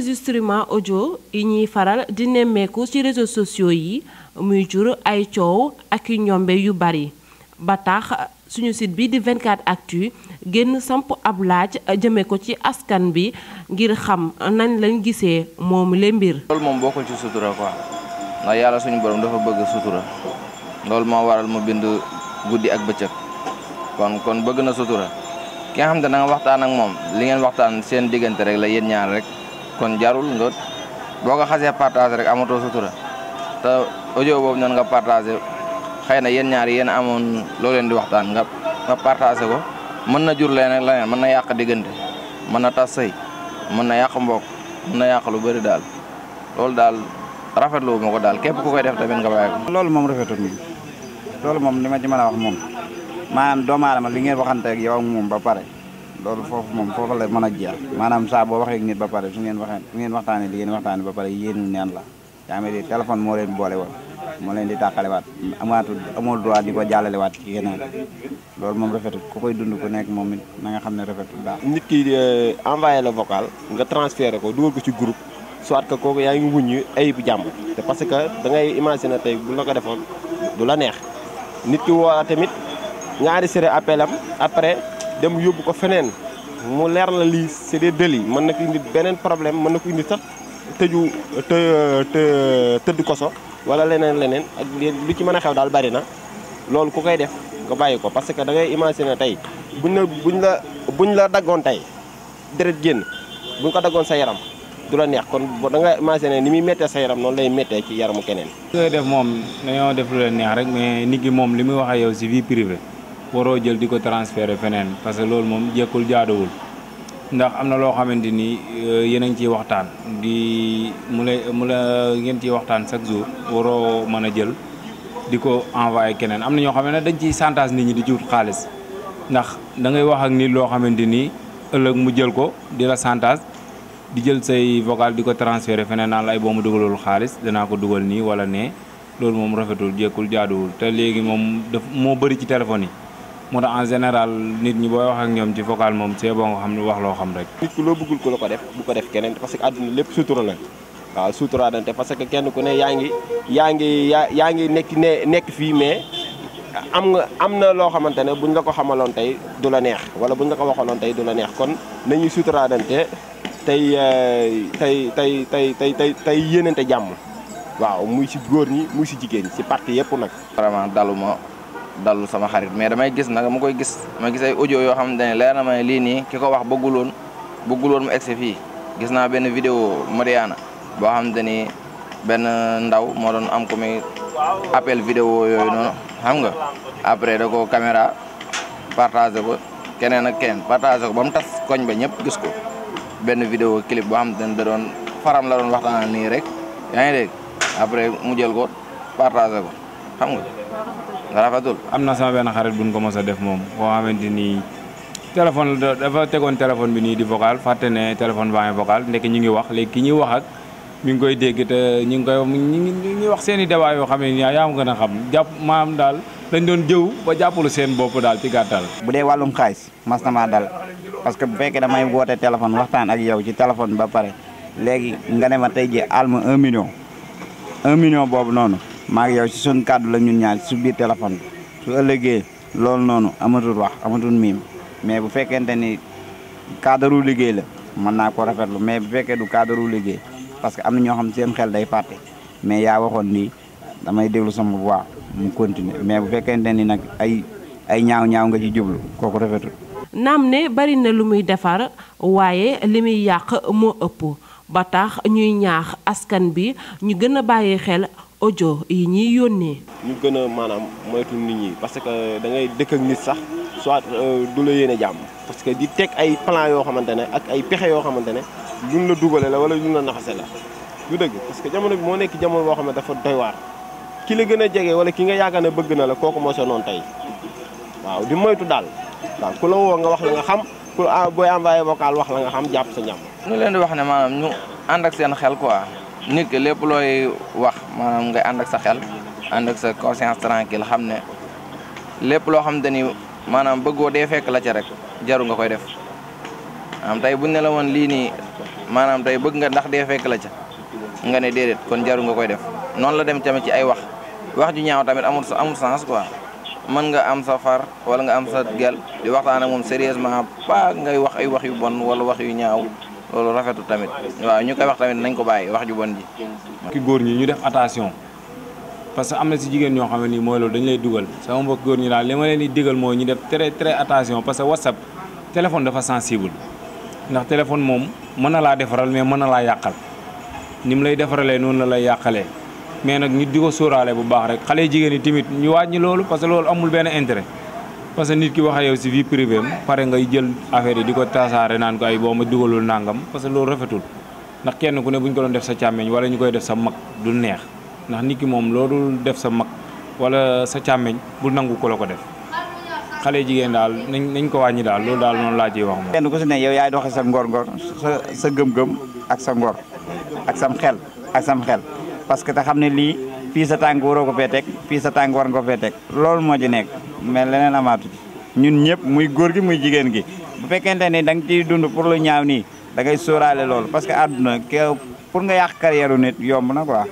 enregistrement audio yi ñuy faral di nemmeeku ci réseaux sociaux yi muy jur ay coow ak i ñombe yu bari ba tax suñu sit bi di 24 actu génn samp ab laaj jëme ko ci askan bi ngir xam nañ lañ gisee moom le mbir. loolu moom bokkul ci sutura quoi ndax yàlla suñu borom dafa bëgg sutura loolu moo waral mu bind guddi ak bëccëg kon kon bëgg na sutura ki nga xam waxtaan ak moom li ngeen waxtaan seen diggante rek la yéen ñaar rek. kon jarul nga boo ko xasee partagé rek amatoo sutura te audio boobu noonu nga partagé xëy na yéen ñaar yéen amoon loo leen di waxtaan nga nga ko mën na jur leneen ak leneen mën na yàq diggante mën na tas sëy mën na yàq mbokk mën na yàq lu bëri daal loolu daal rafetlu ma ko daal képp ku koy def tamit nga bàyyi ko. loolu moom rafetul moom loolu moom ni ma ci mën a wax moom maanaam doomu aadama li ngeen waxante ak yow moom ba pare. loolu foofu moom foofu la mën a jeex maanaam saa boo waxee ak nit ba pare su ngeen waxee su ngeen waxtaanee li ngeen waxtaanee ba pare yéen neen la yaa ngi téléphone moo leen boole woon moo leen di tàqalewaat amaatul amul droit di ko jàllalewaat ci keneen loolu moom koy dund ko nekk moom it na nga xam ne rafetul daal. nit ki euh, envoyé la vocal nga transféré ko dugal ko ci groupe soit que kooku yaa ngi wuññi ayibu jàmm te parce que da ngay imaginer tey bu la ko defoon du la neex nit ki woo tamit nga enregistré appel am après. dem yóbbu ko feneen mu leer la lii c'est des délits man na ko indi beneen problème mën na ko indi sax tëju të të tëdd koso wala leneen leneen ak lu ci mën a xew daal bari na loolu ku koy def nga bàyyi ko parce que da ngay imaginer tey buñ la buñ la buñ la daggoon tey deret génn buñ ko daggoon sa yaram du la neex kon da nga imaginer ni muy méttee sa yaram noonu lay méttee ci yaramu keneen. li koy def moom dañoo def lu la neex rek mais ni ki moom li muy wax ak yow si vie privée. waroo jël di ko transféré feneen parce que loolu moom jekkul jaadowul ndax am na loo xamante ni euh, yéen a ciy waxtaan di mu la mu la ngeen ciy waxtaan chaque jour waroo mën a jël di ko envoyé keneen am na ñoo xam ne dañ ci chantage ni ñi di ci xaalis ndax dangay ngay wax ak nit loo xamante ni ëllëg mu jël ko di la chantage di jël say vocal di ko transféré feneen naan la ay boo mu dugalul xaalis danaa ko dugal nii wala ne loolu moom rafetul jekkul jaadowul te léegi moom daf moo bëri ci téléphone yi moo tax en général nit ñi booy wax ak ñoom ci vocal moom c'est bon nga xam ne wax loo xam rek. nit ku loo bëggul ko la ko def bu ko def keneen parce que àdduna lépp sutura la waaw sutura dante parce que kenn ku ne yaa ngi yaa ngi yaa ngi nekk ne nekk fii mais am nga am na loo xamante ne buñ la ko xamaloon tey du la neex wala buñ la ko waxaloon tey du la neex kon nañuy sutura dante tey euh, tey tey tey tey tey tey yéenante jàmm waaw muy si góor ñi muy si jigéen ñi si parti yëpp nag. vraiment daluma. dalul sama xarit mais damay gis nag ma koy gis ma gis ay yoo xamante ne leer lii nii ki ko wax bëgguloon bëgguloon mu gis naa benn vidéo Mariana boo ndaw moo doon am ko muy appel vidéo yooyu noonu xam nga après da ko caméra partagé ko keneen ak ko ba mu koñ ba ñëpp gis ko benn vidéo clip boo ne da doon faram la rek yaa ngi mu jël ko partagé xam nga rafetul am na sama benn xarit buñ ko mos a def moom boo xamante ni téléphone dafa tegoon téléphone bi nii di vocal fàtte ne téléphone baa ngi vocal ndekk ñu ngi wax léegi ki ñuy wax ak mi ngi koy dégg te ñu ngi koy ñu ngi wax seen i débat yoo xam ne yaa yaa gën a xam jàpp maam daal dañ doon jëw ba jàppalu seen bopp daal ci gàttal. bu dee wàllum xaalis mas na maa dal parce que bu fekkee damay woote téléphone waxtaan ak yow ci téléphone ba pare léegi nga ne ma tey jii àll un million un boobu noonu. maa ngi yow ci suñ kàddu la ñun ñaar su biir téléphone bi su ëllëgee loolu noonu amatul wax amatul miim mais bu fekkente ni cadre liggéey la mën naa ko rafetlu mais bu fekkee du kaadaru liggéey parce que am na ñoo xam seen xel day fàtte mais yaa waxoon ni damay déglu sama voix mu continuer mais bu fekkente ni nag ay ay ñaaw-ñaaw nga ci jublu kooku rafetul. naam ne bari na lu muy defar waaye li muy yàq moo ëpp ba tax ñuy ñaax askan bi ñu gën bàyyi xel. audio yi ñuy yónnee. ñu gën a maanaam moytu nit ñi parce que da ngay dëkk ak nit sax soit euh, du la yéene jàmm parce que di teg ay plan yoo xamante ne ak ay pexe yoo xamante ne luñ la dugale la wala luñ la naxase la. du dëgg parce que jamono bi moo nekk jamono boo xam ne dafa doy waar ki la gën a jege wala ki nga yaakaar ne bëgg na la kooku moo sa noonu tey waaw di moytu daal waaw ku la woo nga wax la nga xam ku ah, booy envoyé vocal wax la nga xam jàpp sa ñam. ñu leen di wax ne maanaam ñu ànd ak seen xel quoi. nit ki lépp looy wax maanaam nga ànd ak sa xel ànd ak sa conscience tranquille xam ne lépp loo xam te ni maanaam bëggoo dee fekk la ca rek jaru nga koy def tey buñ ne la woon lii nii maanaam tey bëgg nga ndax dee fekk la ca nga ne déedéet kon jaru nga koy def noonu la dem tamit ci ay wax wax ju ñaaw tamit amul amul sens quoi mën nga am sa far wala nga am sa gel di waxtaan ak moom sérieusement pas ngay wax ay wax yu bon wala wax yu ñaaw loolu rafetu tamit waaw ñu koy wax tamit nañ ko bàyyi wax ju bon ji. ki góor ñi ñu def attention parce que am na si jigéen ñoo xam ne nii mooy loolu dañu lay dugal sama mbokk góor ñi daal li ma leen di digal mooy ñu def tere très attention parce que WhatsApp téléphone dafa sensible ndax téléphone moom mën na laa defaral mais mën na laa yàqal ni mu lay defaralee noonu la lay yàqalee mais nag ñu di ko sóoraale bu baax rek xale jigéen yi tamit ñu waaj ñi loolu parce que loolu amul benn intérêt. parce que nit ki wax ak yow si vie privée am pare ngay jël affaire yi di ko tasaare naan ko ay boo ma dugalul nangam parce que loolu rafetul ndax kenn ku ne bu ñu ko doon def sa càmmeñ wala ñu koy def sa mag du neex ndax nit ki moom loolu def sa mag wala sa càmmeñ bul nangu ko la ko def xale jigéen daal nañ nañ ko wàññi daal loolu daal noonu laa ciy wax moom. kenn ku ne yow yaay doxee sa ngor-ngor sa sa gëm-gëm ak sa ngor ak sam xel ak sam parce que te xam ne lii fii sa tànk waroo ko fee teg fii sa tànk war nga teg loolu moo ci nekk. mais leneen amaatu ci ñun ñëpp muy góor gi muy jigéen gi bu fekkente ni da nga ciy dund pour lu ñaaw nii da ngay sóoraale loolu parce que àdduna ke pour nga yàq carrière nit yomb na quoi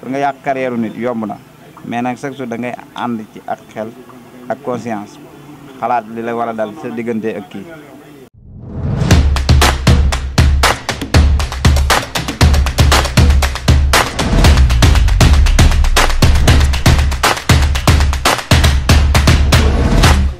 pour nga yàq carrière nit yomb na mais nag chaque jour da ngay ànd ci ak xel ak conscience xalaat li la war a dal sa diggante ak kii